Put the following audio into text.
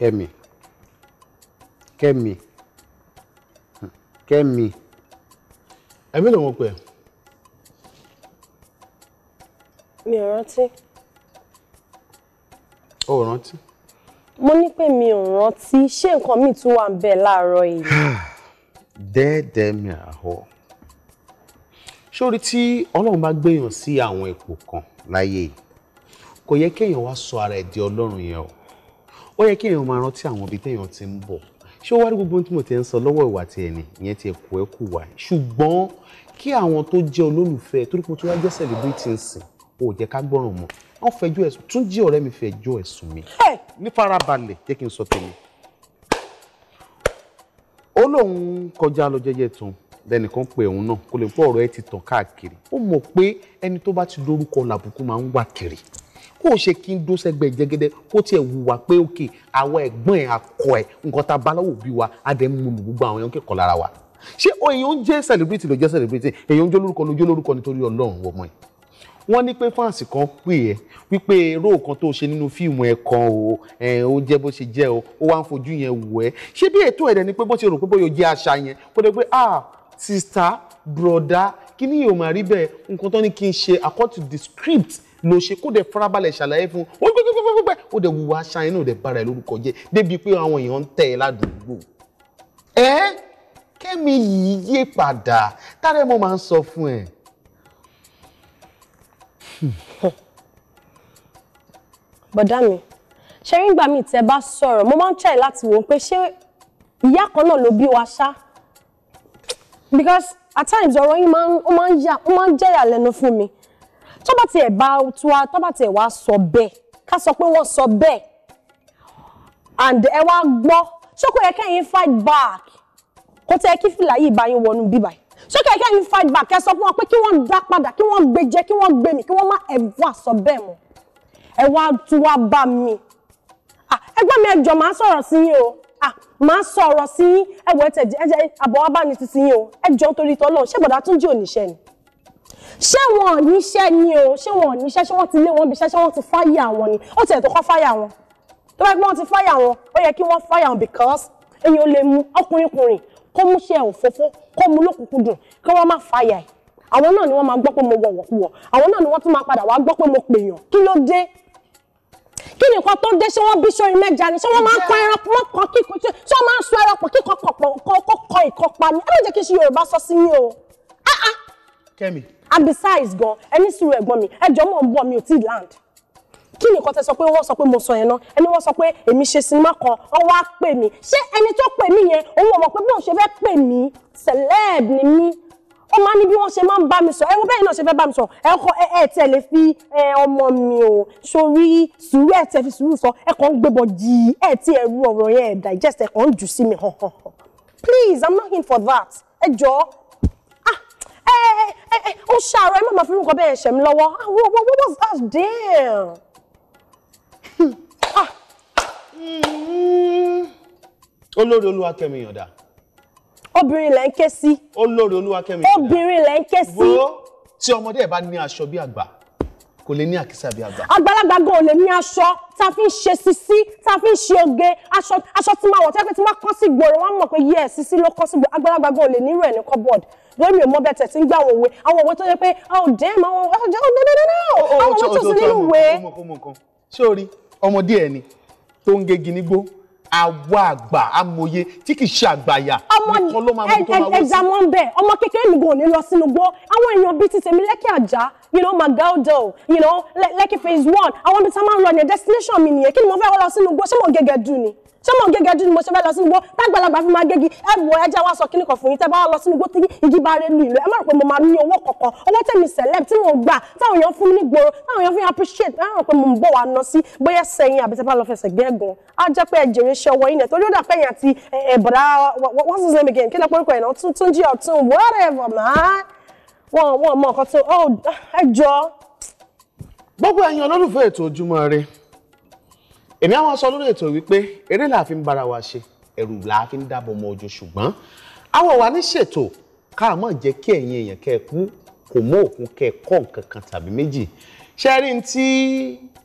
Kẹ́mi Kẹ́mi hmm. Kẹ́mi. ẹ̀mí ló mọ̀ pé. mi ò rántí. o ò rántí. mo ní pé mi ò rántí ṣé nǹkan míì tún wà ń bẹ láàárọ̀ yìí. dẹ́ẹ̀dẹ́ mi àhọ́ sórí tí ọlọ́run bá gbéyàn sí àwọn ipò kan láyé yìí kò yẹ kéèyàn wá sọ ara ẹ̀ di ọlọ́run yẹn o ó yẹ kí èèyàn máa rántí àwọn ibi téèyàn ti ń bọ̀ ṣé ó wá rí gbogbo tí mo ti ń sọ lọ́wọ́ ìwà ti ẹ̀nì ìyẹn ti ẹ̀kọ́ ẹ̀kú wa ṣùgbọ́n kí àwọn tó jẹ́ olólùfẹ́ torí pé tó wá jẹ́ celebrity nsìn ò jẹ́ ká gbọ́ràn mọ́ wọ́n fẹjọ́ ẹ̀sùn tún jí ọ̀rẹ́ mi fẹjọ́ ẹ̀sùn mi ní farabalẹ̀ jẹ́ kí n sọ tèmi. ó lóun kọjá lọ jẹ́jẹ́ tán lẹ́nìkan pé òun náà kó lè pọ̀ ọ̀rọ̀ ẹ̀ ti tàn káàkiri ó mọ̀ pé ẹni tó bá ti dórúkọ làbùkù máa ń wà kiri kó o ṣe kí n dó sẹ́gbẹ̀ẹ́ jẹ́gẹ́dẹ́ kó tiẹ̀ wùwà pé òkè àwa ẹ̀gbọ́n ẹ̀ akọ ẹ̀ nǹkan tá a bá lọ́wọ́ òbí wa á dẹ̀ mú gbogbo àwọn èèyàn kẹ́kọ̀ọ́ lára wa ṣé èèyàn ń jẹ́ celebrity ló jẹ́ celebrity èèyàn ń jó lórúkọ ló jó lórúkọ nítorí ọlọ́run ọmọ ẹ̀ wọ́n ní pé fáǹsì kan pè ẹ́ wípé ró kan tó ṣe nínú fíìmù ẹ̀ kan o ẹ̀ ó jẹ́ bó ṣe jẹ́ o ó wá ń fojú yẹn wò ẹ́ ṣé bí ètò ẹ̀rẹ̀ ni pé bó ṣe rò pé bóyá o jẹ́ àṣà yẹn kó dé pé ah sista broda kí ni yóò máa rí bẹ́ẹ̀ nǹkan tó ní kí n ṣe according to the script ló ṣe kó dẹ̀ farabalẹ̀ ṣàlàyé fún ó gbẹgbẹgbẹgbẹ ó dẹ̀ wùwà aṣa inú dẹ̀ bára ẹ̀ lórúkọ jẹ́ débi pé àwọn èèyàn ń tẹ̀ ẹ́ ládùúgbò. ẹ kẹ́mi yìí yé padà tára ẹ̀ mo máa ń sọ fún ẹ̀. bọ̀dá mi ṣe rí gbà mí tẹ́ bá sọ̀rọ̀ mo máa ń ṣàì láti wò ó pé ṣé ìyá kan náà ló bí wa ṣá because at times ọ̀rọ̀ yín ó máa ń jẹ́ ìyàlẹ́nu fún mi bá tiẹ̀ bá tu wa tó bá tiẹ̀ wá sọ bẹ́ẹ̀ ká sọ pé wọ́n sọ bẹ́ẹ̀ and ẹ wá gbọ́ ṣé kò yẹ kẹ́yìn fight back kó tẹ́ kí fìlà yìí bá yín wọnú bíbá yìí ṣé kò yẹ kẹ́yìn fight back ẹ sọ fún wọn pé kí wọ́n dá padà kí wọ́n gbé jẹ kí wọ́n gbé mi kí wọ́n má ẹ̀wọ́ àsọ bẹ́ẹ̀ mọ́ ẹ wá tu wá bá mi ah, ẹgbẹ́ mi ẹjọ́ máa sọ̀rọ̀ sí yín o ah, máa sọ̀rọ̀ sí yín ẹ̀wọ̀ ẹ̀tẹ̀jẹ̀ ẹ̀jẹ̀ àbọ̀wá bá ní ti sí yín o ẹjọ́ torí tọ́lọ́ ṣé gbọ́dọ̀ Túnjí òníṣẹ́ ni ṣé wọn ò níṣẹ́ ni o ṣé wọn ò níṣẹ́ ṣé wọ́n ti lé wọn bíṣẹ́ ṣé wọ́n ti fáyà wọn ni ó tiẹ̀ tó kọ́ fáyà wọn tó bá yẹ kí wọ́n ti fáyà wọn ó yẹ kí wọ́n fáyà wọn because èyí ò lè mú ọkùnrin kùnrin kó mú ṣe òfófó kó mú lókùnkùn dùn kí wọ́n má fáyà ẹ̀ àwọn náà ni wọ́n máa gbọ́ pé mo wọ̀wọ̀ wọ̀ àwọn náà ni wọ́n tún máa padà wá gbọ́ pé mo pèèyàn kí ló dé kí ni nǹkan tó dé ṣé wọ́n bí sórin mẹ́ja ni ṣé wọ́n máa ń kọ ẹran pọ̀ kọ kíkọ ṣé wọ́n máa ń sọ ẹran pọ̀ kíkọ kọ̀pọ̀ kọ́ kọ́ ìkọ́pa ni ẹ má jẹ́ kí n ṣe Yorùbá sọ sí yín o. Ah, ah. Kẹ́mi and besides gan ẹni sùúrù ẹ̀gbọ́n mi ẹjọ́ mò ń bọ̀ mi ò tí ì land kí nìkan tẹ sọ pé wọ́n sọ pé mo sọ yẹn náà ẹni wọ́n sọ pé èmi ṣe sinimá kan wọ́n wá pè mí ṣé ẹni tó pè mí yẹn òun ò mọ̀ pé bóun ṣe fẹ́ pè mí celeb ni mí ó máa ní bí wọ́n ṣe máa ń bá mi sọ ẹ wo bẹ́ẹ̀ náà ṣe fẹ́ bá mi sọ ẹ kọ ẹ ẹ tẹ lè fi ọmọ mi ò sórí sùúrù ẹ tẹ fi sùúrù sọ ẹ kàn ń gbébọ jì í ẹ tí ẹ rú ọ̀rọ̀ yẹn ẹ digest ẹ kàn ń jù sí mi hàn hàn please i'm not in for that ẹ jọ̀ọ́ ó ṣàárọ̀ ẹ má máa fi irúkọ bẹ́ẹ̀ ṣẹ̀ mí lọ́wọ́ àwọn ah, ọmọ what was that deal. Ah. Mm-hmm. olórí olúwakẹ́mi yọ̀dá. obìnrin lẹ́ ń ké sí. olórí olúwakẹ́mi yọ̀dá. obìnrin lẹ́ ń ké sí. wo tí ọmọdé ẹ bá ní aṣọ bí àgbà kò lè ní àkísà bí àgbà. àgbàlagbà gan ò lè ní aṣọ tá a fi ń ṣe sisi tá a fi ń ṣe oge aṣọ tí máa wọ̀ tẹ́lẹ̀ pé tí máa kọ́ sí gbòòrò wọ́n mọ̀ pé yẹ́ sisi ló kọ́ sí gbòòrò àgbàlagbà gan ò lè nírú ẹ̀ cupboard bóyá mi ò mọ bẹ́ẹ̀ tẹ̀sí ń gbà àwọn òwe àwọn òwe tó yẹ pé oh damn àwọn òwe tó sì nínú ìwé. Oh, oh, oh, sórí ọmọdé ẹ ni tó ń gegi nígbó àwa àgbà amòye tí kì í ṣe àgbàyà nìkan ló máa mú tó máa wọ sí. ẹja mọ bẹ ọmọ kékeré mi ní lọ sínú gbó àwọn èèyàn bíi ti tèmi lẹkì àjà you know Magaldo you know lẹkì phase one àwọn ibi tí a máa ń lọ ní destination mi nìyẹn kí ni mo fẹ́ lọ sínú gbó ṣé mo gẹ́gẹ́ dùn ni ṣé mo gẹ́gẹ́ dún ni mo ṣe fẹ́ lọ sínú igbó tágbàlagbà fi máa gégi ẹ wọ ẹjẹ wa sọ kíní kan fún yín tẹ bá lọ sínú igbó tí igi bá rẹ lu ìlú ẹ má rò pé mo máa ní owó kọ̀ọ̀kan owó tẹ̀mí celeb tí mo gbà táwọn èèyàn fún mi ní gbòòrò táwọn èèyàn fi appreciate ẹ rò pé mo ń bọ̀ wá ná sí bóyá sẹ́yìn àbí tẹ́pá lọ fẹsẹ̀ gẹ́gùn á jẹ́ pé ẹ jèrè iṣẹ́ ọwọ́ yín nẹ̀ torí ó dà pé ti ẹ̀bọ̀dá what's his name again kí ló pórúkọ ẹ̀ náà tún tún jí whatever man wọn wọn mọ nǹkan tó oh, ẹ jọ. gbogbo ẹ̀yin olólùfẹ́ ètò Ojúmọ́ Ire èmi àwọn sọ lórí ètò wípé eré là fi ń bára wa ṣe ẹ̀rù là fi ń dáàbò mọ ojú ṣùgbọ́n àwọ̀ wa ní ṣètò káàmọ́ jẹ́ kí ẹ̀yin èèyàn kẹ́ ẹ kú kò mọ òkun kẹ́ ẹ kọ́ nǹkan kan tàbí méjì ṣe tí